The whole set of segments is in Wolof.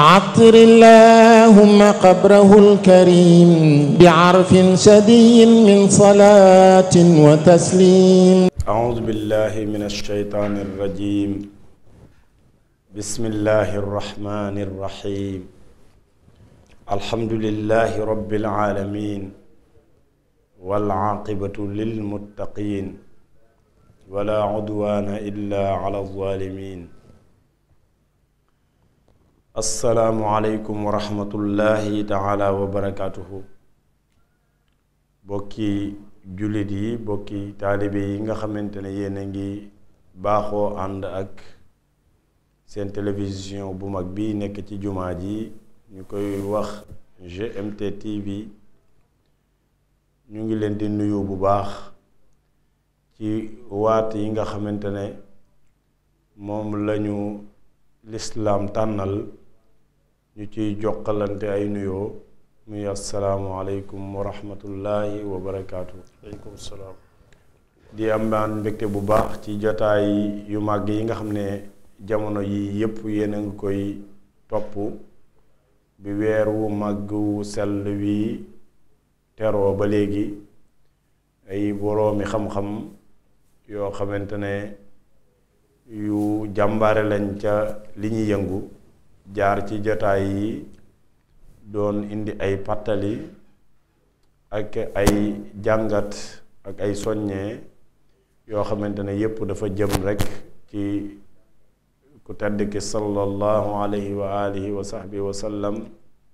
عطر اللهم قبره الكريم بعرف شديد من صلاة وتسليم أعوذ بالله من الشيطان الرجيم بسم الله الرحمن الرحيم الحمد لله رب العالمين والعاقبة للمتقين ولا عدوان إلا على الظالمين asalaamualeykum wa rahmatullahi taala wa barakaatuhu bokki jullit yi bokki taalibe yi nga xamante ne yéen a ngi baaxoo ànd ak seen télévision bu mag bi nekk ci jumaa ji ñu koy wax GMT TV ñu ngi leen di nuyu bu baax ci waat yi nga xamante ne moom lañu lislaam tànnal ñu ciy jokkalante ay nuyoo muy asalaamualeykum wa rahmatullahi wa barakaatu. aleykum salaam. di am naan mbégte bu baax ci jotaay yu màgg yi nga xam ne jamono yi yépp yéen a ngi koy topp bi weer wu màgg wu sell wi teroo ba léegi ay boroomi xam-xam yoo xamante ne yu jàmbaare lañ ca li ñuy yëngu. jaar ci jotaay yi doon indi ay pàttali ak ay jàngat ak ay soññee yoo xamante ne yépp dafa jëm rekk ci ku tedd ki sallallahu alayhi wa alihi wa sahbihi wa sallam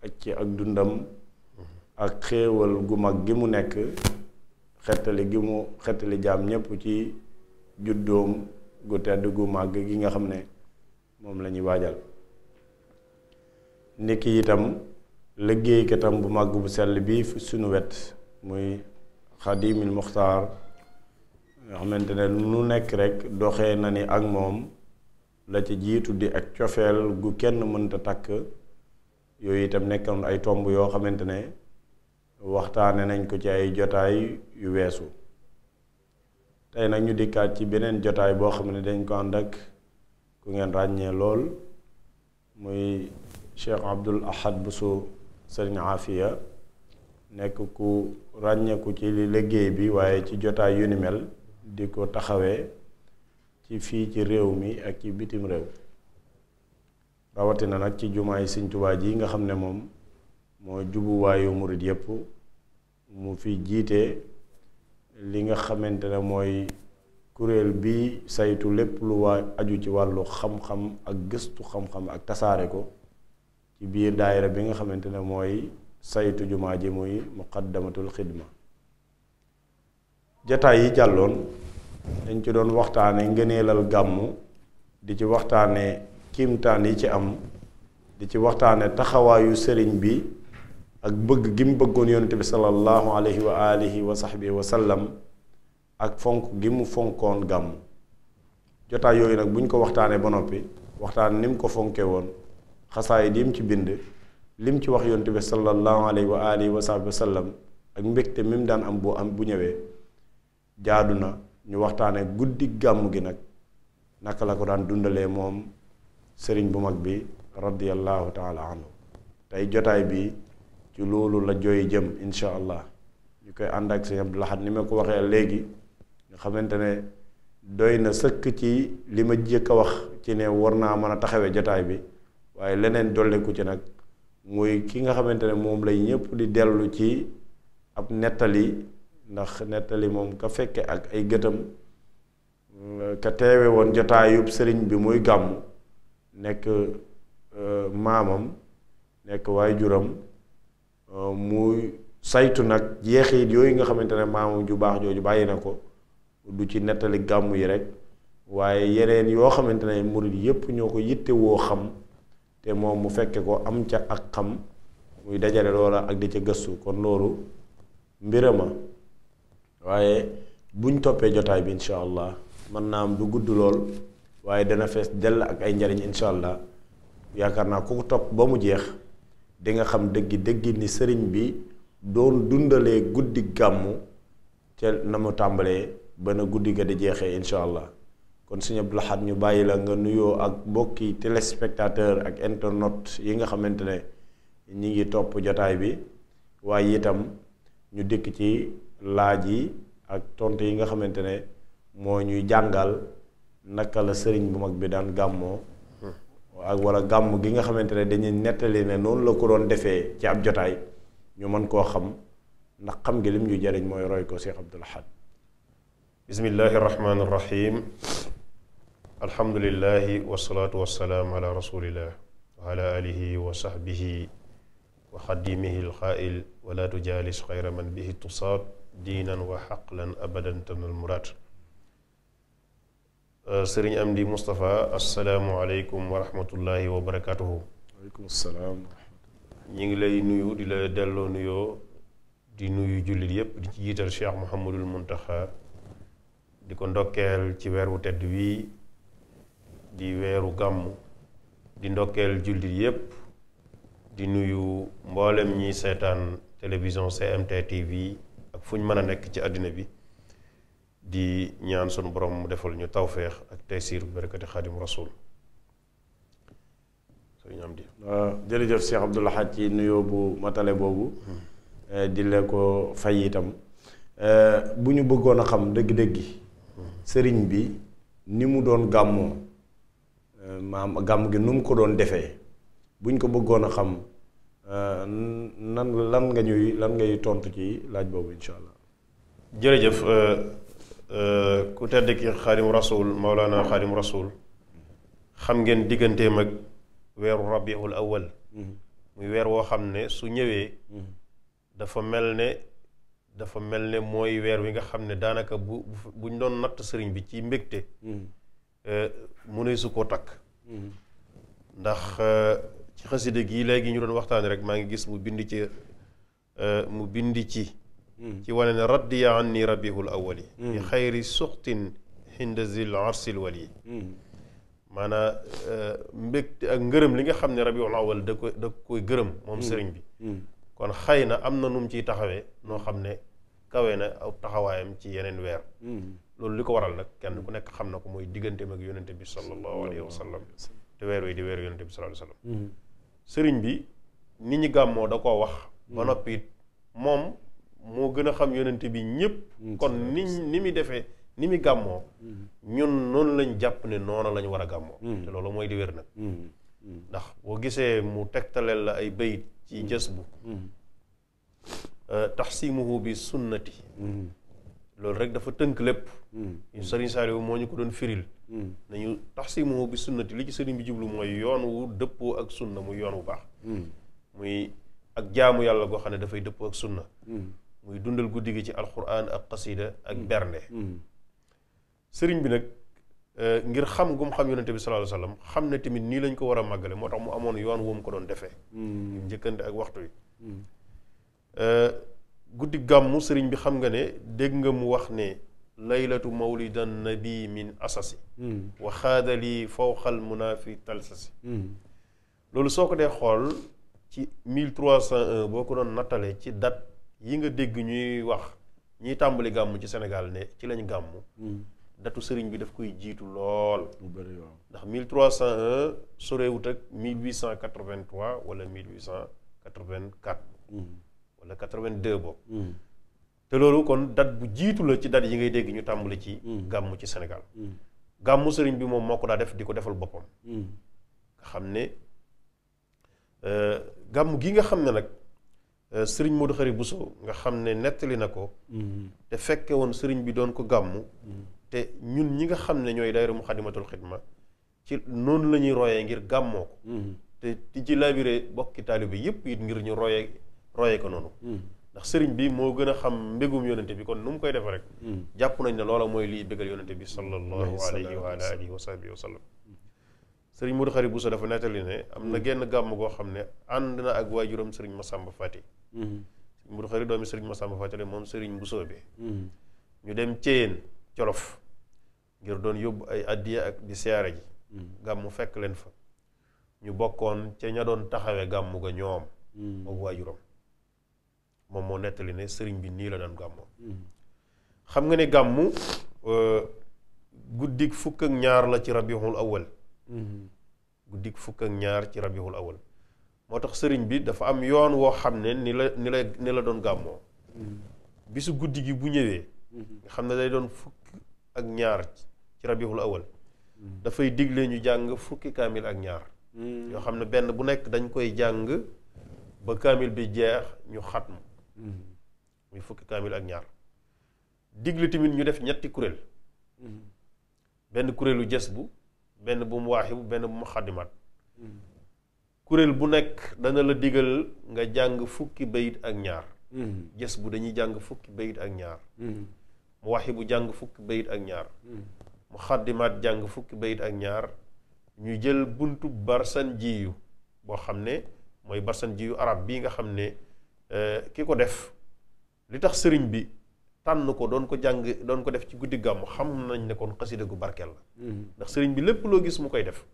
ak ci ak dundam ak xéewal gu mag gi mu nekk xettali gi mu xettali jaam ñépp ci juddoom gu tedd gu màgg gi nga xam ne moom lañuy waajal niki itam liggéeykatam bu màgg bu sell bi sunu wet muy xadimil muxtaar nga xamante ne nu nekk rek doxee na ni ak moom la ci jiitu di ak cofeel gu kenn mënta takk yooyu itam nekkoon ay tomb yoo xamante ne waxtaane nañ ko ci ay jotaay yu weesu tey nag ñu dikkaat ci beneen jotaay boo xam ne dañ ko ànd ak ku ngeen ràññee lool muy Cheikh Abdul Ahad Bousso Serigne Afia nekk ku ràññeeku ci liggéey bi waaye ci jotaay yu ni mel di ko taxawee ci fii ci réew mi ak ci bitim réew rawatina nag ci jumaa yi Sëriñ Tuubaa ji nga xam ne moom moo jubuwaayu murit yépp mu fi jiite li nga xamante ne mooy kuréel bi saytu lépp lu waa aju ci wàllu xam-xam ak gëstu xam-xam ak tasaare ko ci biir daayira bi nga xamante ne mooy saytu jumaa ji muy muqaddamatul xidma jataay yi jàlloon dañ ci doon waxtaane ngëneelal gàmmu di ci waxtaane kiimtaan yi ci am di ci waxtaane taxawaayu sëriñ bi ak bëgg gi mu bëggoon yonent bi sallallahu alayhi wa wa sahbihi wa sallam ak fonk gi mu fonkoon gàmmu jotaay yooyu nag buñ ko waxtaanee ba noppi waxtaan ni mu ko fonke woon xasaayid yim ci bind lim ci wax yontu bi sallallahu alayhi wa alihi wa sahbi wa sallam ak mbégte mi mu daan am boo am bu ñëwee jaadu na ñu waxtaane guddi gàmm gi nag naka la ko daan dundalee moom sëriñ bu mag bi radiallahu taala anhu tey jotaay bi ci loolu la jooy jëm insha allah ñu koy ànd ak sëñ Abdou Lahad ni ma ko waxee léegi nga xamante ne doy na sëkk ci li ma jëkk a wax ci ne war naa mën a taxawee jotaay bi waaye leneen dolleku ci nag muy ki nga xamante ne moom lay ñëpp di dellu ci ab nettali ndax nettali moom ka fekke ak ay gëtam mm, ka teewe woon jotaayub sëriñ bi muy gàmm nekk e, maamam nekk waajuram e, muy saytu nag jeexit yooyu nga xamante ne maamam ju baax jooju bàyyi na ko du ci nettali gàmm yi rek waaye yeneen yoo xamante ne murid yépp ñoo ko yittewoo xam te moom mu fekkee ko am ca ak xam muy dajale loola ak di ca gëstu kon loolu mbirama waaye buñ toppee jotaay bi incha allah man naa am du gudd lool waaye dana fees dell ak ay njariñ incha allah yaakaar naa ku ko topp ba mu jeex dinga xam dëggi dëggi ni sëriñ bi doon dundalee guddi gàmmu ca na mu tàmbalee ba na guddi ga di jeexee incha allah kon sëñ Abdou Lahad ñu bàyyi la nga nuyoo ak mbokki téléspectateur ak internautes yi nga xamante ne ñi ngi topp jotaay bi waaye itam ñu dikk ci laaj yi ak tontu yi nga xamante ne moo ñuy jàngal naka la sëriñ bu mag bi daan gàmmoo ak wala gàmm gi nga xamante ne dañuy nettali ne noonu la ko doon defee ci ab jotaay ñu mën koo xam ndax xam ngi lim ñu jariñ mooy roy ko Cheikh Abdou Lahad bismillahi alhamdulilahi wasalaatu wasalaam ala rasulillah wa ala alihi wa wa xadimihi alxaail wala tujaalis xayra man bihi tusaat diinan wa xaqlan euh, Amdi Moustapha asalaamualeykum wa rahmatullahi wa ngi lay nuyu di la delloo nuyoo di nuyu jullit yépp di ci jiital Cheikh Mouhamadul Muntaxa di ko ndokkeel ci weer wu tedd wii di weeru gàmmu di ndokkeel jullit yépp di nuyu mboolem ñiy seetaan télévision CMT TV ak fu ñu mën a nekk ci àddina bi di ñaan sunu borom mu defal ñu tawféex ak taysiir bu barakati xaadim rasul jërëjëf Cheikh Abdou Lahad ci nuyoo bu matale boobu hmm. eh, di ko fay itam eh, bu ñu bëggoon a xam dëgg-dëggi hmm. sëriñ bi ni mu doon gàmmoo maam gàmm gi nu mu ko doon defee buñ ko bëggoon a xam euh, nan lan nga ñuy lan ngay tontu ci laaj boobu incha allah. jërëjëf euh, euh, ku tedd ki xaadim rasul Maulana xaadim rasul xam ngeen digganteem ak weeru rabiul awal mhm. muy weer woo xam ne su ñëwee. Mhm. dafa mel ne dafa mel ne mooy weer wi nga xam ne daanaka bu buñ doon natt sëriñ bi ci mbégte. Mhm. Euh, mu ne su ko takk mhm. ndax euh, ci xasida gii léegi ñu doon waxtaani rek maa ngi gis mu bind ci euh, mu bind ci mhm. ci wane ne raddiya anni rabihul awali mhm. bi xayri suxtin hinda zil arsil wali maanaa ak ngërëm li nga xam ne rabiul awal da koy da koy gërëm moom sëriñ bi kon xëy na am na nu ciy taxawee noo xam ne kawee na aw taxawaayam ci yeneen weer mm-hmm. loolu li ko waral nag kenn ku nekk xam na ko mooy digganteem ak yonente bi sallallahu la wa sallam te weer wi di weeru yonente bi sallallahu alayhi mm-hmm. sëriñ bi ni ñi gàmmoo da koo wax ba mm-hmm. noppi moom moo gën a xam yonente bi ñëpp kon ni ni muy defee ni muy gàmmoo ñun noonu lañ jàpp ne noonu lañu war a gàmmoo te loolu mooy di wér nag ndax boo gisee mu tegtaleel la ay bayit ci jës bu Euh, taxsimuhu bi sunnati mm-hmm. loolu rek dafa tënk lépp mm-hmm. sëriñ Saliou moo ñu ko doon firil mm-hmm. nañu taxsimuhu bi sunnati li ci sëriñ bi jublu mooy yoon wu dëppoo ak sunna muy yoon wu baax muy ak jaamu yàlla goo xam ne dafay dëppoo ak sunna muy dundal guddi gi ci alquran ak qasida ak bernde sëriñ bi nag euh, ngir xam gu mu xam yonente bi sallallahu alayhi xam ne tamit nii lañ ko war a màggale moo tax mu amoon yoon wu mu ko doon defee njëkkante ak waxtu yi guddi gàmmu sëriñ bi xam nga ne dégg nga mu wax ne laylatu mawlidan nabi min asasi hmm. wa xaadali fawqal munaafi talsasi hmm. loolu soo ko dee xool ci 1301 boo ko doon nattale ci dat yi nga dégg ñuy wax ñuy tàmbali gàmmu ci Sénégal ne ci lañu gàmmu hmm. datu sëriñ bi daf koy jiitu lool ndax 1301 sorewut ak 1883 wala 1884 wala 82 boobu. Hmm. te loolu kon date bu jiitu la ci date yi ngay dégg ñu tàmbali ci. Hmm. gàmmu ci senegal hmm. gàmmu sëriñ bi moom moo ko daa def di ko defal boppam. nga xam ne euh, gàmmu gi nga xam ne nag euh, sëriñ Modou bu Bousso nga xam ne nettali na ko. te fekke woon sëriñ bi doon ko gàmmu. te ñun ñi nga xam ne ñooy daayira Muxaddamatul Xidma ci noonu la ñuy royee ngir gàmmoo ko. te ci labiré bokki taalibe yépp it ngir ñu royee. royee ko noonu hmm. ndax sëriñ bi moo gën a xam mbégum yonente bi kon nu mu koy defe rek hmm. jàpp nañ ne loola mooy liy bégal yonente bi sallallahu alayhi wa ala alihi wa sahbihi wa sallam sëriñ Modou Khari Bousso dafa nettali ne am na hmm. genn gàmm goo xam ne ànd na ak waajuram sëriñ Massamba Fati sëriñ Modou Khari doomi sëriñ Massamba Fati la moom sëriñ Bousso bi ñu dem Ceyeen Jolof ngir doon yóbbu ay addiya ak di siyaare ji gàmm fekk leen fa ñu bokkoon ca ña doon taxawe gàmm ga ñoom ak waajuram moom moo nettali ne sëriñ bi nii la daan gàmmoo hmm. xam nga ne gàmmu euh, guddik fukk ak ñaar la ci rabiixul awal hmm. guddik fukk ci rabiixul awal moo tax sëriñ bi dafa am yoon woo xam ne ni la ni la doon gàmmoo hmm. bisu guddi gi bu ñëwee xam ne day doon fukk ak ñaar ci rabiixul awal dafay digle ñu jàng fukki kaamil ak ñaar yoo xam ne benn bu nekk dañ koy jàng ba kaamil bi jeex ñu xatmu muy fukki kaamil ak ñaar digle tamit ñu def ñetti kuréel benn kuréelu jës bu benn bu mu waaxibu benn bu mu xaddimaat kuréel bu nekk dana la digal nga jàng fukki bayit ak ñaar jës bu dañuy jàng fukki bayit ak ñaar mu bu jàng fukki bayit ak ñaar mu xaddimaat jàng fukki bayit ak ñaar ñu jël buntu barsan jiyu boo xam ne mooy barsan jiyu arab bi nga xam ne ki ko def li tax sëriñ bi tànn ko doon ko jàng doon ko def ci guddi gàmmu xam nañ nekkoon kon xasida gu barkeel la ndax sëriñ bi lépp loo gis mu koy def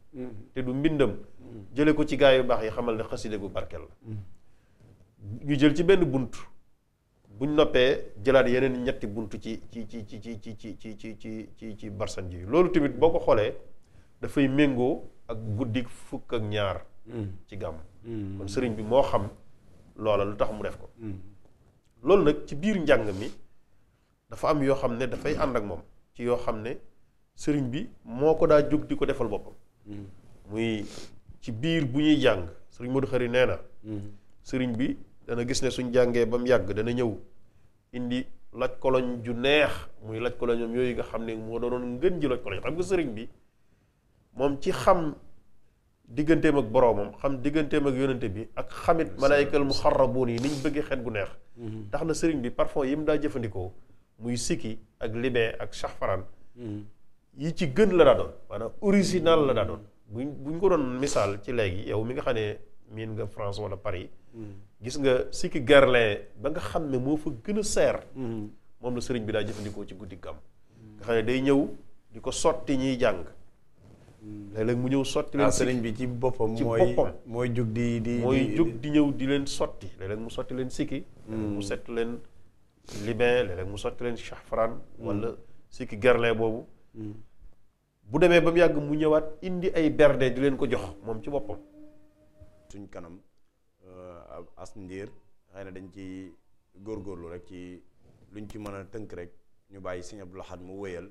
te du mbindam jële ko ci gaay yu baax yi xamal ne xasida gu barkeel la ñu jël ci benn bunt buñ noppee jëlaat yeneen ñetti bunt ci ci ci ci ci ci ci ci ci ci ci ci barsan ji loolu tamit boo ko xoolee dafay méngoo ak guddi fukk ak ñaar ci gàmm kon sëriñ bi moo xam loola lu tax mu def ko hmm. loolu nag ci biir njàng mi dafa am yoo xam ne dafay ànd ak moom ci yoo xam ne sëriñ bi moo ko daa jóg di ko defal boppam hmm. muy ci biir bu ñuy jàng sëriñ Modou Khari nee na hmm. bi dana gis ne suñ jàngee ba mu yàgg dana ñëw indi laj koloñ ju neex muy laj koloñam yooyu nga xam ne moo doonoon ngën ji laj koloñ xam nga sëriñ bi moom ci xam digganteem ak boroomam xam digganteem ak yonente bi ak xamit malaayikal muxarrabuun yi niñ bëggee xet bu neex mhm. tax na sëriñ bi parfum yi mu daa jëfandikoo muy sikki ak libin ak saxfaraan mhm. yi ci gën la daa doon maanaam original la daa doon buñ buñ ko doon misaal ci léegi yow mi nga xam ne miin nga France wala Paris mhm. gis nga sikki Guerlain ba nga xam ne moo fa gën a seer moom la sëriñ bi daa jëfandikoo ci guddi gàmm nga xam ne day ñëw di ko sotti ñuy jàng léeg-léeg mu ñëw sotti leen ah, sëriñ bi ci boppam mooy mooy jug di di mooy jug di ñëw di leen sotti léeg-léeg mu sotti leen sikki mu hmm. sett leen libin léeg-léeg mu sotti leen chahfaran hmm. wala sikki gerlin boobu hmm. bu demee ba mu yàgg mu ñëwaat indi ay berde di leen ko jox moom ci boppam suñ kanam euh, as ndiir xëy na dañ ci góor góorlu rek ci luñ ci mën a tënk rek ñu bàyyi sëñ Abdou Lahad mu wéyal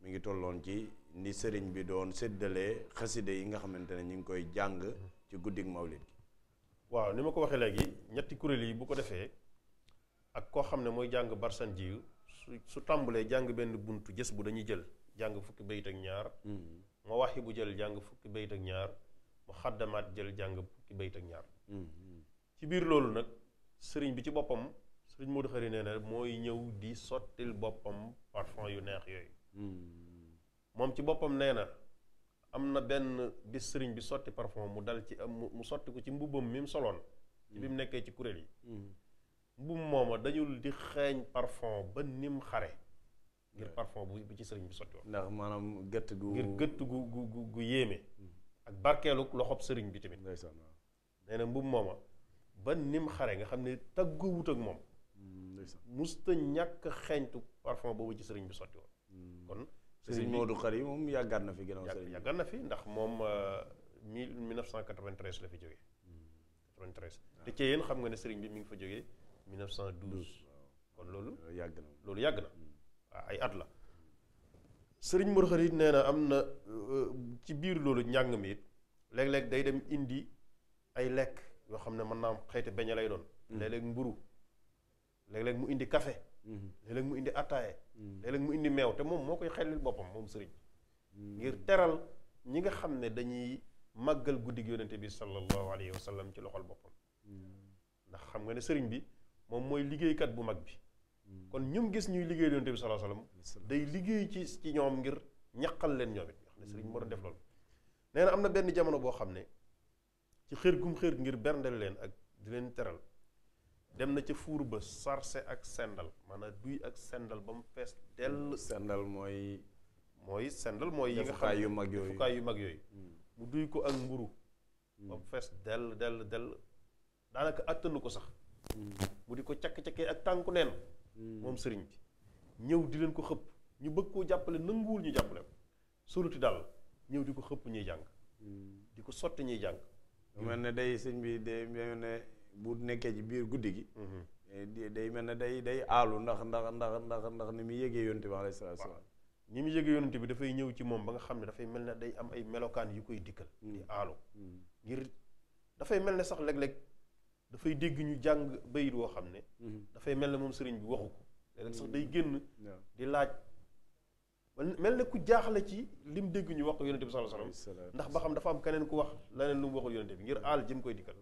mu ngi tolloon ci ni sëriñ bi doon séddalee xaside yi nga xamante ne ñu ngi koy jàng ci guddi mawlid gi waaw ni ma ko waxee léegi ñetti kuréel yi bu ko defee ak koo xam ne mooy jàng barsan ji su tàmbulee tàmbalee jàng benn bunt jës bu dañuy jël jàng fukki bayit ak ñaar mm-hmm. ma waxi bu jël jàng fukki bayit ak ñaar mu xaddamaat jël jàng fukki bayit ak ñaar mm-hmm. ci biir loolu nag sëriñ bi ci boppam sëriñ Modou Khari nee na mooy ñëw di sottil boppam parfum yu neex yooyu mm-hmm. moom ci boppam nee na am na benn bis sëriñ bi sotti parfum mu dal ci am mu sotti ko ci mbubbam mi mu soloon ci bi mu nekkee ci kuréel yi mbubb mooma dañul di xeeñ parfum ba nim xare ngir parfum bu ci sëriñ bi sotti woon ndax maanaam gëtt gu ngir gëtt gu gu gu yéeme ak barkeelu loxob sëriñ bi tamit nee na mbubb mooma ba nim xare nga xam ne taggu wut ak moom mm, musta ñàkk xeeñtu parfum boobu ci sëriñ bi sotti woon mm. Serigne Modou Khari moom yàggaat na fi gannaaw Serigne yàggaat na fi ndax moom 1993 euh, la fi jógee. 93 hmm. te ci yéen xam nga ne Serigne bi mu ngi fa jógee 1912. kon loolu euh, yàgg na loolu yàgg na hmm. ay at la. Serigne Modou Khari nee na am na euh, ci biir loolu njàng mi it léeg-léeg day dem indi ay lekk yoo xam ne mën naa am xeeti beñe lay doon. Hmm. léeg-léeg mburu léeg-léeg mu indi kafe Mm-hmm. léeg-léeg mu indi attaaye mm-hmm. léeg mu indi meew te moom moo koy xelil boppam moom sëriñ mm-hmm. ngir teral ñi nga xam ne dañuy maggal guddig yonente bi sallallahu alayhi wa sallam ci loxol boppam ndax xam nga ne sëriñ bi moom mooy liggéeykat bu mag bi kon ñum gis ñuy liggéey yonente bi sallallahu alayhi day liggéey ci ci ñoom ngir ñaqal leen ñoom it nga xam ne sëriñ moo doon def loolu nee na am na benn jamono boo xam ne ci xër gum xër ngir berndel leen ak di leen teral dem na ca fuur ba sarse ak sendal maanaam duy ak sendal ba mu fees dell sendal mooy mooy sendal mooy yi nga xam yu mag yooyu defukaay yu mag yooyu hmm. mu duy ko ak mburu ba mu hmm. fees dell dell dell daanaka àttanu ko sax hmm. mu di ko cakk-cakkee ak tànku neen moom sëriñ bi ñëw di leen ko xëpp ñu bëgg koo jàppale nanguwul ñu jàppale ko soluti daal ñëw di ko xëpp ñuy jàng di ko sotti ñuy jàng mel ne day sëñ bi day mel ne bu nekkee ci biir guddi gi. Mhm. Eh, day mel ne day day aalu ndax ndax ndax ndax ndax ni muy yëgee yonent bi alayhi salaatu salaam. ni mu yëgee yonent bi dafay ñëw ci moom ba nga xam ne dafay mel ne day am ay melokaan yu koy dikkal. Mm. di aalu. Mm. ngir dafay mel ne sax léeg dafay dégg ñu jàng bayit woo xam ne. Mm-hmm. dafay mel ne moom sëriñ bi waxu ko. léeg day mm. génn. di laaj. mel ne ku jaaxle ci lim dégg ñu wax ko yonent ndax ba xam dafa am keneen ku wax leneen lu mu waxul yonent bi ngir aal jëm koy dikkal.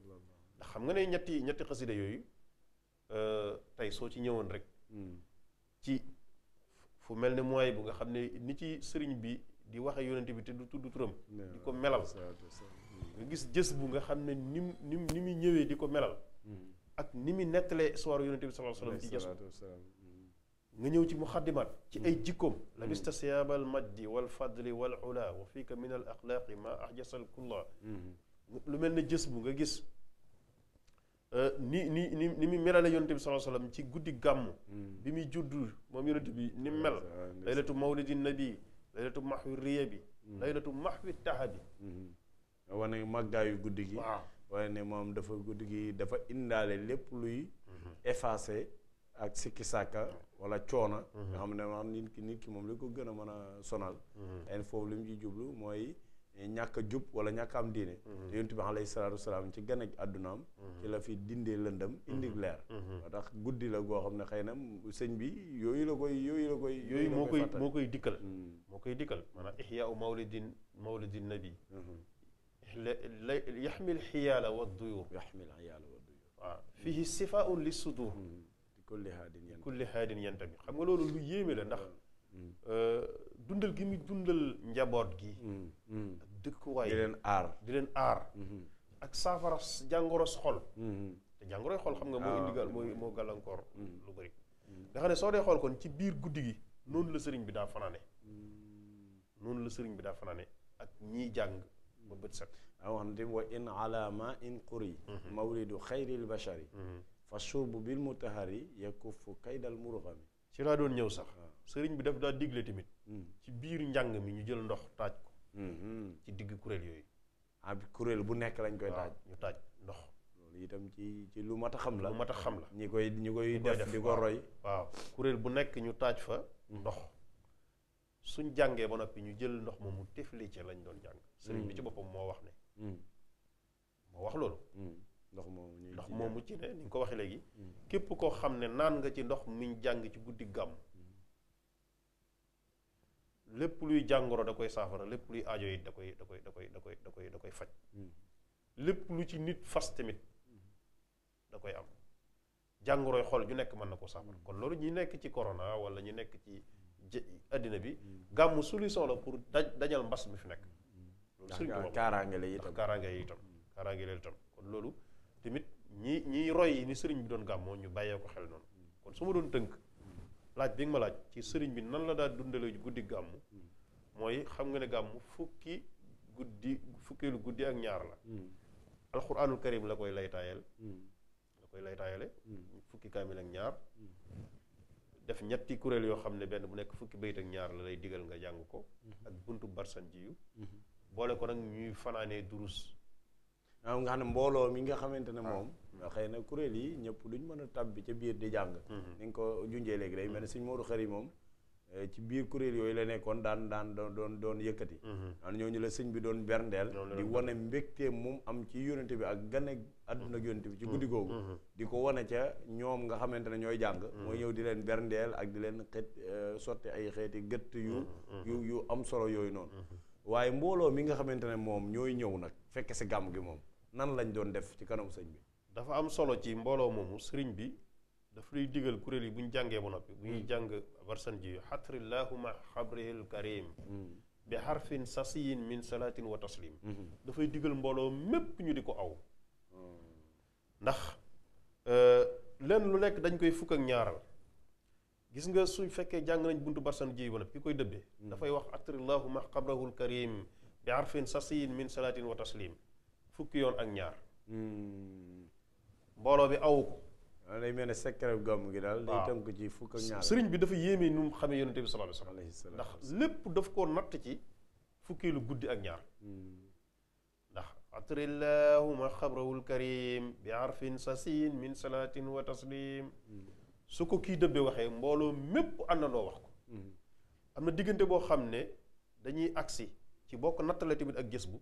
ndax xam nga ne ñetti ñetti xasida yooyu euh, tey soo ci ñëwoon rek hmm. ci fu mel ne mooy bu nga xam ne ni ci sëriñ bi di waxe yonente bi te du tudd turam di ko melal hmm. nga gis jës bu nga xam ne ni mu ni mu muy ñëwee di ko melal hmm. ak ni muy nettalee histoire yonente bi sallallahu alayhi wasallam ci jës nga ñëw ci muxaddimaat ci ay jikkoom labista siyaabal majdi wal fadli wal ula wa fika min al axlaaqi ma ahjasal lu mel ne jës bu nga gis Euh, ni ni ni ni mu melale yonent bi sallallahu alayhi wasallam ci guddi gàmm hmm. bi muy judd moom yonent bi ni mu mel ah, laylatu mawlidi nabi laylatu mahwi riya bi hmm. laylatu mahwi taha bi hmm. wane màggaayu guddi gi waaye ne moom dafa guddi gi dafa indaale lépp luy effacé ak sikki sàkka wala coona nga xam ne maanaam nit ki nit ki moom li ko gën a mën a sonal en foofu li mu ci jublu mooy ñàkk a jub wala ñàkk am diine mhm. te yonent bi alayhi salaatu wasalaam ci gane àddunaam mhm. ci la fi dindee lëndëm indi mhm. leer moo tax guddi la goo xam ne xëy na sëñ bi yooyu la koy yooyu la koy moo koy moo dikkal moo koy dikkal maanaam ixyaau mawlidin mawlidin nabi yaxmil xiyaala wa duyur yaxmil xiyaala wa duyur waaw fihi sifaun li sudur kulli haadin yan kulli xam nga loolu lu yéeme la ndax Euh, dundal gi muy dundal njaboot gi. Mm, mm. dëkkuwaay di leen aar di leen aar. Mm-hmm. ak saafara jàngoro xol. Mm-hmm. te jàngoroy xol xam nga moo ah, indi mooy moo gàllankoor. Mm-hmm. lu bëri nga xam ne soo dee xool kon ci biir guddi gi noonu la sëriñ bi daa fanaane. noonu la sëriñ bi daa fanaane ak ñiy jàng ba bët set. waaw wax na tamit wa in alaama in quri. mawlidu xayril bashari. fa suubu bil mutahari yakuffu kaydal murghami ci laa doon ñëw sax ah. sëriñ bi def daa digle tamit hmm. ci biir njàng mi ñu jël ndox taaj ko hmm, hmm. ci digg kuréel yooyu ah kuréel bu nekk lañ koy taaj ñu taaj ndox loolu itam ci ci lu mat a xam la mat a xam la ñi koy ñi koy def di ko roy waaw kuréel bu nekk ñu taaj fa ndox suñ jàngee ba noppi ñu jël ndox mu tefli ci lañ doon jàng sëriñ bi ci boppam moo wax ne moo wax loolu ndox moom ñuy ndox moomu ci ne ni ñu ko waxee léegi. Hmm. képp koo xam ne naan nga ci ndox muñ jàng ci guddi gàmm. Hmm. lépp luy jàngoro da koy saafara lépp luy ajo it da koy da koy da koy da koy da koy da koy faj. Hmm. lépp lu ci nit fas tamit da koy am jàngoroy xol ju nekk mën na ko saafara kon loolu ñi nekk ci corona wala ñu nekk ci àddina bi. gàmm solution la pour dañ dajal mbas mi fi nekk. loolu sëriñ Tuubaa kaaraange la itam kaaraange la itam. kon loolu tamit ñi ñiy roy ni sëriñ bi doon gàmmoo ñu bàyyee ko xel noonu kon su ma doon tënk laaj bi nga ma laaj ci sëriñ bi nan la daan dundalee guddi gàmm mooy xam nga ne gàmmu fukki guddi fukkeelu guddi ak ñaar la mm. alxuraanul karim la koy laytaayal mm. la koy laytaayale mm. fukki kaamil ak ñaar def ñetti kuréel yoo xam ne benn bu nekk fukki bayit ak ñaar la lay digal nga jàng ko mm-hmm. ak buntu barsan ji mm-hmm. boole ko nag ñuy fanaanee durus maanaam nga xam mbooloo mi nga xamante ne ah. moom xëy na kuréel yi ñëpp duñ mën a tàbbi ca biir di jàng mm-hmm. ni nga ko junjee léegi day mel ne suñ Modou Khary moom eh, ci biir kuréel yooyu la nekkoon daan daan doon doon yëkkati mm-hmm. an ñooñu la sëñ bi doon berndeel di wane mbégte moom am ci yónente bi ak gane àdduna ak mm-hmm. ci guddi googu di ko wane ca ñoom nga xamante ne ñooy jàng mooy ñëw di leen berndeel ak di leen xeet eh, sotti ay xeeti yu yu am solo yooyu noonu waaye mbooloo mi nga xamante ne moom ñooy ñëw nag fekke si gàmm gi moom nan lañ doon def ci kanamu sëñ bi. dafa am solo ci mbooloo moomu sëriñ bi dafa luy digal kuréel yi bu ñu jàngee ba noppi. bu ñuy hmm. jàng barsan ji xatrillahuma xabril karim hmm. bi xarfin sasiyin min salaatin wa taslim hmm. dafay digal mbooloo mépp ñu di ko aw ndax euh, lenn lu nekk dañ koy fukk ak ñaaral gis nga suñ fekkee jàng nañ bunt barsan ji ba noppi ki koy dëbbee dafay wax xatrillahuma xabrahul karim bi xarfin sasiyin min salaatin wa taslim fukki yoon ak ñaar. Hmm. mbooloo bi awu ko. mel ne secret gàmm gi daal. day tënk ci fukk sëriñ bi dafa yéeme nu mu xamee yonent bi sallallahu alayhi wasallam ndax lépp daf koo natt ci fukki lu guddi ak ñaar. Hmm. ndax atrillahuma xabrawul karim bi arfin sasin min salatin wa taslim hmm. su ko kii dëbbee waxee mbooloo mépp àndandoo wax ko am na diggante boo xam ne dañuy agsi ci bokk ko nattale tamit ak gis bu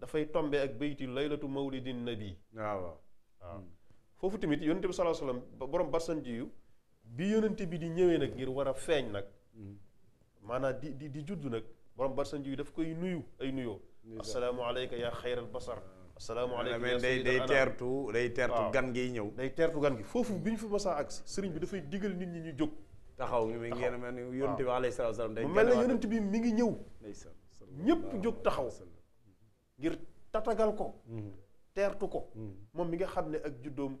dafay tombe ak bayti laylatu mawlidin nabi waaw waaw hmm. foofu tamit yonente bi salaa salaam borom barsan ji bi yonente bi di ñëwee nag ngir war a feeñ nag hmm. maanaam di di di judd nag borom barsan ji yu daf koy nuyu ay nuyoo asalaamu aleyka yaa xayral basar hmm. asalaamu aleyka yaa day day teertu day teertu gan gi ñëw day teertu gan gi foofu bi ñu fi masaa agsi bi dafay digal nit ñi ñu jóg taxaw mi ngeen mel ni yonente day mel bi mi ngi ñëw ñëpp jóg taxaw ngir tatagal ko mm-hmm. teertu ko mm-hmm. moom mi nga xam ne ak juddoom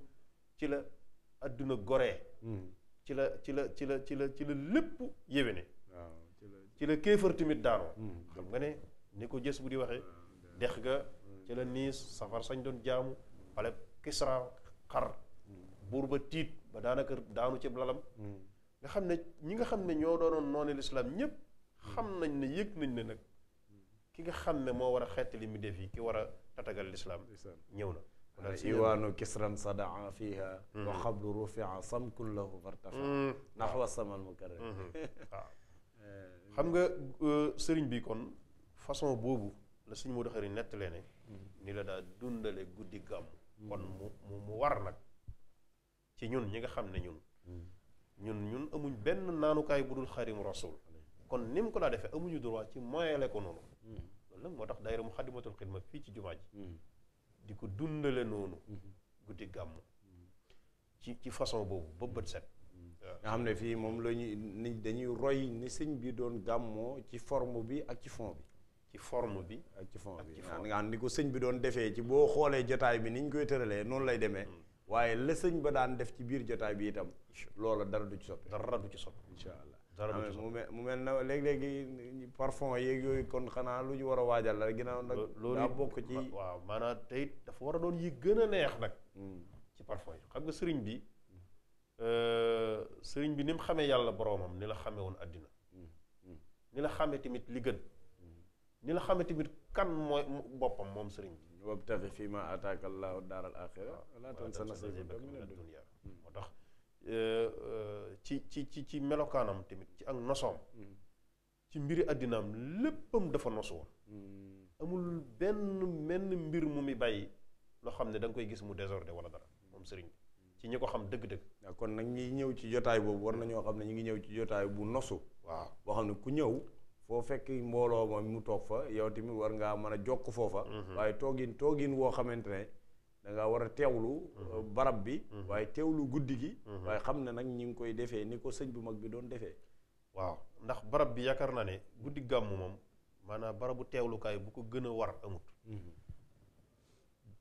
ci la adduna gore mm-hmm. ci la ci la ci la ci la ci la lépp yéwéne ci la kéefër tamit daanoo xam nga ne ni ko jës bu di waxee dex ga ci la niis safar sañ doon jaamu pale kisra xar buur ba tiit ba daanaka daanu ceeb lalam nga xam ne ñi nga xam ne ñoo doonoon noonu lislaam ñépp xam nañ ne yëg nañ ne nag ki nga xam ne moo war a xettali mi def yi ki war a tatagal lislaam ñëw na iwaanu kisran sadaa fiha wa hmm. xablu rufia samkun lahu fartafa hmm. naxwa ah. samal mukarram waaw hmm. ah. eh, xam nga euh, sëriñ bi kon façon boobu la suñu moo doxari nettalee ne ni la daal dundale guddi gàmm kon mu mu war nag ci ñun ñi nga xam ne ñun ñun ñun amuñ benn naanukaay bu dul xarim rasul kon ni mu ko laa defee amuñu droit ci moyele ko noonu loolu nag moo tax daayira mu xadimatul xidma fii ci jumaa ji hmm. di ko dundale noonu hmm. guddi gàmmu ci ci façon boobu ba set hmm. xam ne fii moom lañuy ni dañuy roy ni sëñ bi doon gàmmoo ci forme bi ak ci fond bi ci form bi ak ci fond bi nga xam ni ko sëñ bi doon defee ci boo xoolee jotaay bi ni ñu koy tëralee noonu lay demee waaye la sëñ ba daan def ci biir jotaay bi itam loola dara du ci soppi dara du ci soppi incha mu mel na léegi-léegi parfum yeeg yooyu kon xanaa lu ñu war a waajal la ginnaaw nag daa bokk ci waaw maanaam tey dafa war a doon yi gën a neex nag ci parfon yi xam nga sëriñ bi sëriñ bi ni mu xamee yàlla boroomam ni la xamee woon àddina ni la xamee tamit li gën ni la xamee tamit kan mooy boppam moom sëriñ bi wabtaxi fii ma ataaka allahu daar al axira wala tansa nasiibaka mina dunya moo tax Euh, ci ci ci ci melokaanam tamit ci ak nosoom mm. ci mbiri àddinaam léppam dafa nosu woon mm. amul benn menn mbir mu mi bàyyi loo xam ne da koy gis mu désordre wala dara moom sëriñ bi ci ñi ko xam dëgg-dëgg kon nag ñi ñëw ci jotaay boobu war na ñoo xam ne ñu ngi ñëw ci jotaay bu nosu waaw boo xam ne ku ñëw foo fekk mbooloo ma mu toog fa yow tamit war ngaa mën a jokk foofa mm-hmm. waaye toogin toogin woo xamante ne danga war a teewlu mhm. uh, barab bi mhm. waaye teewlu guddi gi mhm. waaye xam ne nag ñi ngi koy defee ni ko sëñ bu mag bi doon defee waaw ndax barab bi yaakaar naa ne guddi gàmmu moom maanaa barabu teewlukaay bu ko gën a war amut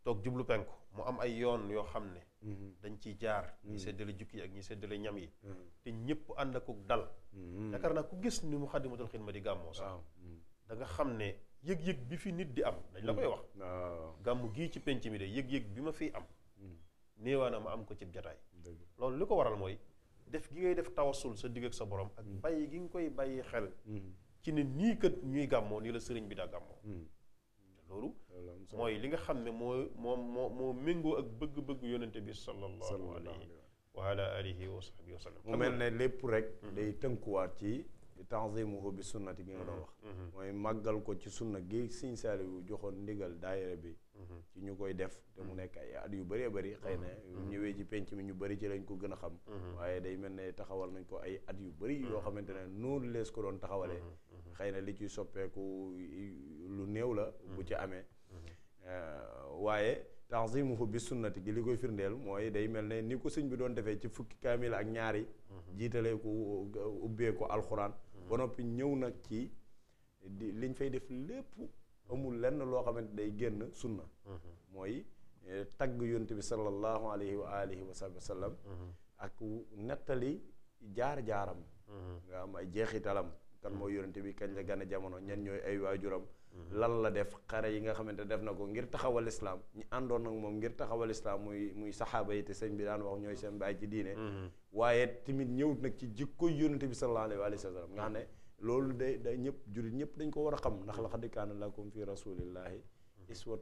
toog jublu penku mu am ay yoon yoo xam ne dañ ciy jaar ñi seddale jukki yi ak ñi seddale ñam yi te ñëpp ànd ak dal yaakaar naa ku gis ni mu xaddimatul ma di gàmmoo sax da xam ne yëg-yëg bi fi nit di am dañ la koy wax mm. ah. gàmm gii ci penc mi de yëg-yëg bi ma fi am mm. néewaana ma am ko ci jataay loolu li ko waral mooy def gi ngay def tawasul sa digg ak sa borom ak mm. bàyyi gi nga koy bàyyi xel ci ne nii kat ñuy gàmmoo nii la sëriñ bi daa gàmmoo loolu mooy li nga xam ne moo moom moo moo méngoo ak bëgg-bëgg yonente bi sallallahu alayhi wa ala alihi wa sahbihi wa sallam mu mel ne lépp rek day tënkuwaat ci tanzimuhu bi sunnati gi nga doon wax mm-hmm. Mm-hmm. mooy màggal ko ci sunna gi Sëriñ Saaliwu joxoon ndigal dayre bi mm-hmm. ci ñu koy def te mu nekk ay at yu baree bëri xëy na ñëwee ci penc mi ñu bëri ci lañ ko gën a xam waaye day mel ne taxawal nañ ko ay at yu bëri yoo xamante ne noonu lees ko doon taxawale xëy na li ciy soppeeku lu néew la bu ci amee euh, waaye tanzimuhu bi sunnati gi li koy firndeel mooy day mel ne ni ko sëñ bi doon defee ci fukki kaamil ak ñaari jiitalee ku ubbee alxuraan ba ñëw nag ci di liñ fay def lépp amul lenn loo xamante day génn sunna mooy eh, tagg yonent bi sallallahu alayhi wa alihi wa sallam mm-hmm. ak nettali jaar-jaaram mm-hmm. nga am ay jeexitalam kan mooy yonent bi kañ la gane jamono ñan ñooy ay waajuram mm-hmm. lan la def xare yi nga xamante def na ko ngir taxawal islaam ñu àndoon nag moom ngir taxawal islaam muy muy saxaaba yi te sëñ bi daan wax ñooy seen baay ci diine waaye tamit ñëwut nag ci jikko yónnante bi sallallahu alayhi wa sallam nga xam ne loolu day day ñëpp jullit dañ ko war a xam ndax laqad kaana lakum fi rasulillahi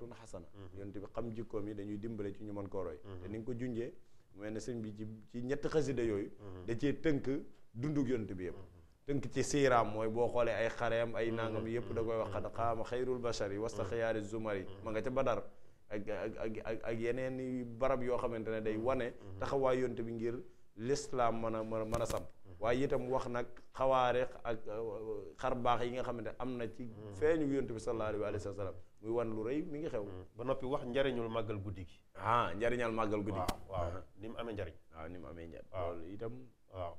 na hasana mhm. yónnante bi xam jikkoom yi dañuy dimbale ci ñu man koo roy mhm. te ni nga ko junjee mu ne sëñ bi ci ci ñetti xasida yooyu mhm. da cee tënk dundug yónnante bi yëpp tënk ci siiraam mooy boo xoolee ay xareem ay nangam yëpp da koy wax xad xaama xayrul bashari wasta xiyaari zumari ma nga ca badar ak ak ak ak yeneen barab yoo xamante ne day wane taxawaay yónnante bi ngir lislaam mën a mën a mën a samp mhm. waaye itam wax nag xawaare ak euh, xar baax yi nga xamante ne am na ci mhm. feeñu yonent bi sallallahu alayhi wa sallam muy wan lu rëy mi ngi xew mhm. ba noppi wax njariñul màggal guddi gi ah, njariñal màggal guddi gi waaw ni mu amee njariñ ah, ni mu amee njariñ loolu itam waaw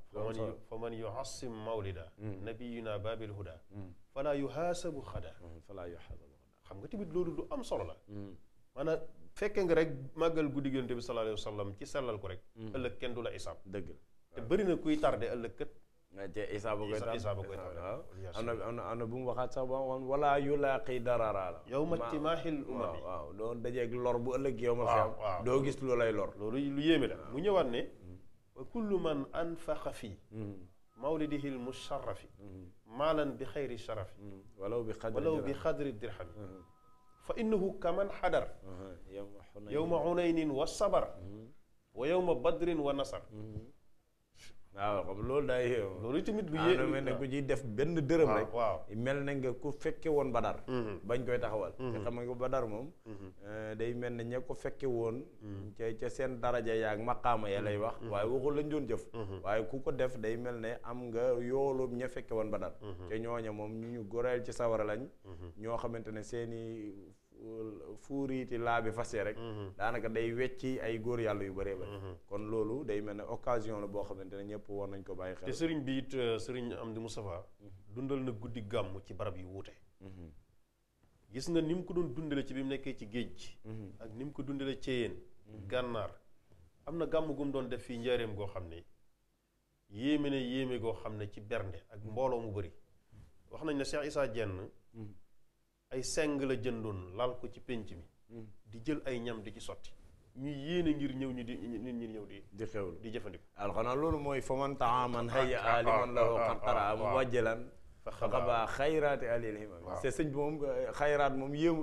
fa man yuhassim mawlida nabiyuna babil huda falaa yuhaasabu xada falaa yuhaasabu xada xam nga tamit loolu lu am solo la fekkee nga rek màggal guddi yonent bi sallallahu alayhi ci sellal ko rek. Mm. ëllëg kenn du la isaab. dëgg te bëri na kuy tardé ëllëg kët. te isaab ba koy tardé isaab ba koy tardé waaw. am na am na am na bu mu waxaat sax ba mu wala yulaaqi dararaa la. yow ma timaaxil umami bu ëllëg yow ma. waaw doo gis lu lay lor. loolu lu yéeme la mu ñëwaat ne. Mm. wa kullu man anfaqa fii. Mm. mawlidihi l musharrafi maalan bi xayri sharafi. walaw bi xadri dirhami fa innahu kaman xadar yowma xunaynin wa sabar mhm. wa yowma badrin wa nasar mhm. waaw xam loolu daay yéew loolu tamit ah, lu mel ne ku ciy def benn dërëm rek mel na nga ko fekke woon ba badar mhm. bañ koy taxawal mhm. te xam nga badar moom mhm. eh, day mel ne ña ko fekke woon ca ca seen daraja yaag maqaama ya lay wax waaye waxul lañ doon jëf waaye ku ko def day mel ne am nga yoolu ña fekke woon ba badar te ñooña moom ñu ñu goreel ci sawara lañ ñoo xamante ne seeni laa bi fase rek mhm. daanaka day wecci ay góor yàlla yu bëree bëri mhm. kon loolu day mel ne occasion la boo xamante ne ñëpp war nañ ko bàyyi xel te sëriñ bi it euh, sëriñ Amdi Moustapha mhm. dundal na guddi gàmmu ci barab yu wuute gis nga ni mu ko doon dundale ci bi mu nekkee ci géej gi ak ni mu ko dundale Ceyeen gànnaar am na gàmm gu mu doon def fii njaareem goo xam ne yéeme ne yéeme goo xam ne ci bernde ak mbooloo mu bëri wax nañ ne Cheikh Issa Dieng ay seng la jëndoon lal ko ci pénc mi hmm. di jël ay ñam di ci sotti ñu yéene ngir ñëw ñu di nit ñëw di di xewlu di jëfandiku alxanaa loolu mooy faman taaman hayya ah, ah, aliman ah, lahu qarqara mu wàjjalan faxabaa xayraati alil himam bi moom xayraat moom yéemu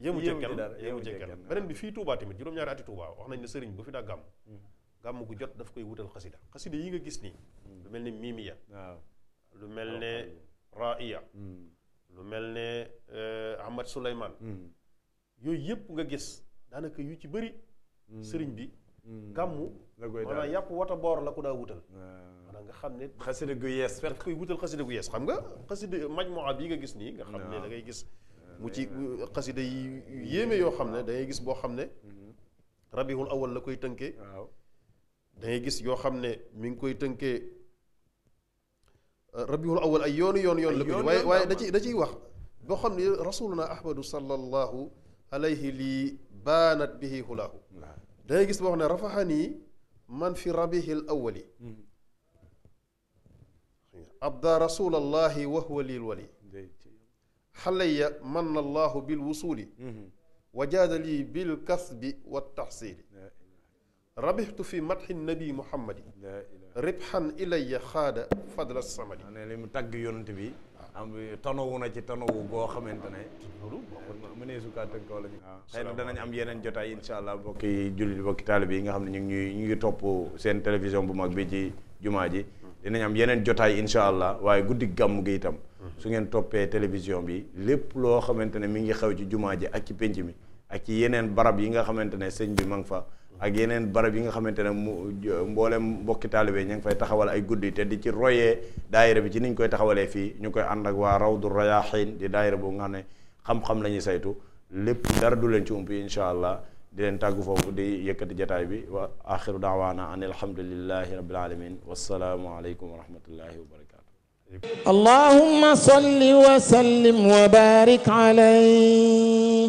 yéemu ci kenn yéemu ci kenn beneen bi fii Touba tamit juróom-ñaari ati Touba wax nañ ne sëriñ bu fi daa gàmmu hmm. gàmm gu jot daf koy wutal xasida xasida yi nga gis nii hmm. lu mel ne miimiya lu mel ne raiya lu mel ne euh, Ahmad Souleymane. Hmm. yooyu yëpp nga gis daanaka yu ci bëri. Hmm. sëriñ bi. Hmm. gàmmu maanaam yàpp wata boor la ku daa wutal. Ah. maanaam nga xam ne. xasida gu yees fekk koy wutal xasida gu yees xam nga xasida majmuwa yi nga gis nii. nga xam ne da ngay gis. Ah, mu ci xasida yéeme yoo xam ne da gis boo xam ne. rabiul awal la koy tënkee. dangay gis yoo xam ne mi ngi koy tënkee. rabiul awal ay yoonu yoon yoon la bind waaye waaye da ciy da ciy wax boo xam ne rasuluna ahmadu sallallahu alayhi lii baanat bihi hulaahu da ngay gis boo xam ne rafaxanii man fi rabihil awali mm-hmm. abda rasulallahi wa huwa lil wali xalaya man allahu bil wusuli mm-hmm. wa jaada lii bil kasbi wa taxsili rabixtu fi madxi nabi muhammadi ribxan ilayya xaada fadla samadi ne li mu tagg yonent bi am tanowu na ci tanowu boo xamante ne mu ne sukaa tënk wala ah, xëy na danañ am yeneen jotaay insha allah bokki jullit bokki taalib yi nga xam ne ñu ngi ñuy ñu ngi topp seen télévision bu mag bi ci jumaa ji dinañ am yeneen jotaay insha allah waaye guddi gàmm gi itam su ngeen toppee télévision bi lépp loo xamante ne mi ngi xew ci jumaa ji ak ci pénc mi ak ci yeneen barab yi nga xamante ne sëñ bi ma fa ak yeneen barab bi nga xamante ne mu mboolem mbokki taalibe ñu ngi fay taxawal ay guddi te di ci royee daayira bi ci niñ koy taxawalee fii ñu koy ànd ak waa Rawdu Rayaaxiin di daayira boobu nga xam ne xam-xam la ñuy saytu lépp dara du leen ci umpi incha allah di leen tàgg foofu di yëkkati jataay bi wa axiru daawaana an alhamdulillahi rabbil alamin wassalaamu aleykum wa rahmatullahi wa barakatuh allahumma salli wa sallim wa barik alayhi